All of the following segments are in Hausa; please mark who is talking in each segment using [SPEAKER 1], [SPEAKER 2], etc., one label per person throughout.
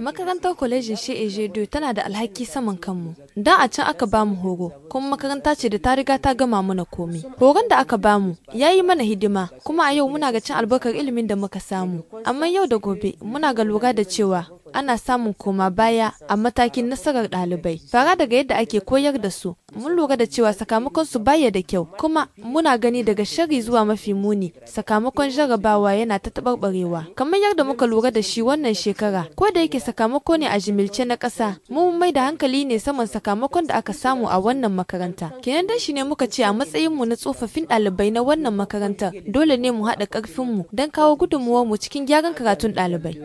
[SPEAKER 1] Makarantar kwalejin She'eje 2 tana da alhaki saman kanmu. Da a can aka bamu horo, kuma makaranta ce da ta riga ta gama mana komai. Horon da aka bamu ya yi mana hidima, kuma a yau muna ga cin albarkar ilimin da muka samu. Amma yau da gobe muna ga lura da cewa ana samun koma baya a matakin nasarar ɗalibai. Fara daga yadda ake koyar da su, mun lura da cewa sakamakon su baya da kyau, kuma muna gani daga shari zuwa mafi muni sakamakon jarabawa yana ta taɓarɓarewa. Kamar yadda muka lura da shi wannan shekara, ko da yake sakamako ne a jimilce na ƙasa, mu mai da hankali ne saman sakamakon da aka samu a wannan makaranta. Kenan dan shi ne muka ce a matsayin mu na tsofaffin ɗalibai na wannan makarantar, dole ne mu haɗa mu don kawo mu cikin gyaran karatun ɗalibai.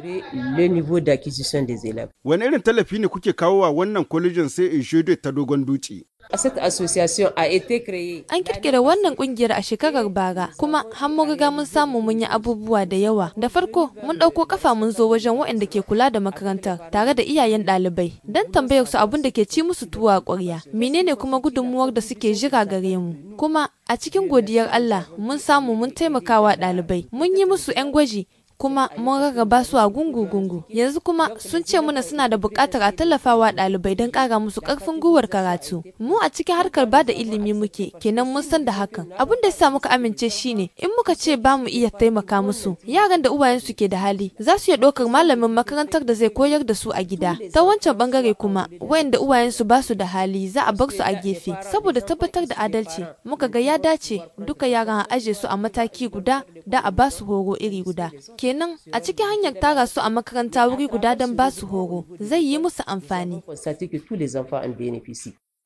[SPEAKER 2] da zai Wani irin tallafi ne kuke kawo wa wannan kwalejin sai in shaidu ta dogon duci? An
[SPEAKER 1] kirkira wannan kungiyar a shekarar bara kuma har mun riga mun samu mun yi abubuwa da yawa. Da farko mun ɗauko kafa mun zo wajen waɗanda ke kula da makarantar tare da iyayen ɗalibai don tambayar su abin da ke ci musu tuwa ƙwarya. Menene kuma gudunmuwar da suke jira gare mu? Kuma a cikin godiyar Allah mun samu mun taimakawa ɗalibai. Mun yi musu 'yan gwaji kuma mun rarraba su a gungu-gungu yanzu kuma sun ce muna suna da bukatar a tallafawa ɗalibai don kara musu karfin gwiwar karatu mu a cikin harkar ba da ilimi muke kenan mun san da hakan abin da yasa muka amince shine in muka ce ba mu iya taimaka musu yaran da uwayensu ke da hali za su iya ɗaukar malamin makarantar da zai koyar da su a gida ta wancan bangare kuma wayanda uwayensu ba su da hali za a bar su a gefe saboda tabbatar da adalci muka ga ya dace duka yaran a aje su a mataki guda da a ba su horo iri guda Kenan a cikin hanyar tara su a makaranta wuri guda don ba su horo zai yi musu amfani.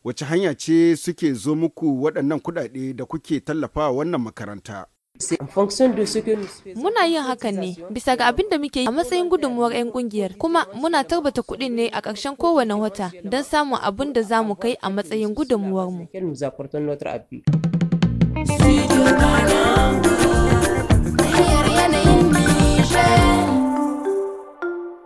[SPEAKER 2] Wace hanya ce suke zo muku waɗannan kuɗaɗe da kuke tallafa wannan makaranta?
[SPEAKER 1] Muna yin hakan ne bisa ga abin da muke yi a matsayin gudunmuwar 'yan kungiyar kuma muna tarbata kuɗin ne a ƙarshen kowane wata don samun abin da za mu kai a matsayin gudunmuwarmu. mu.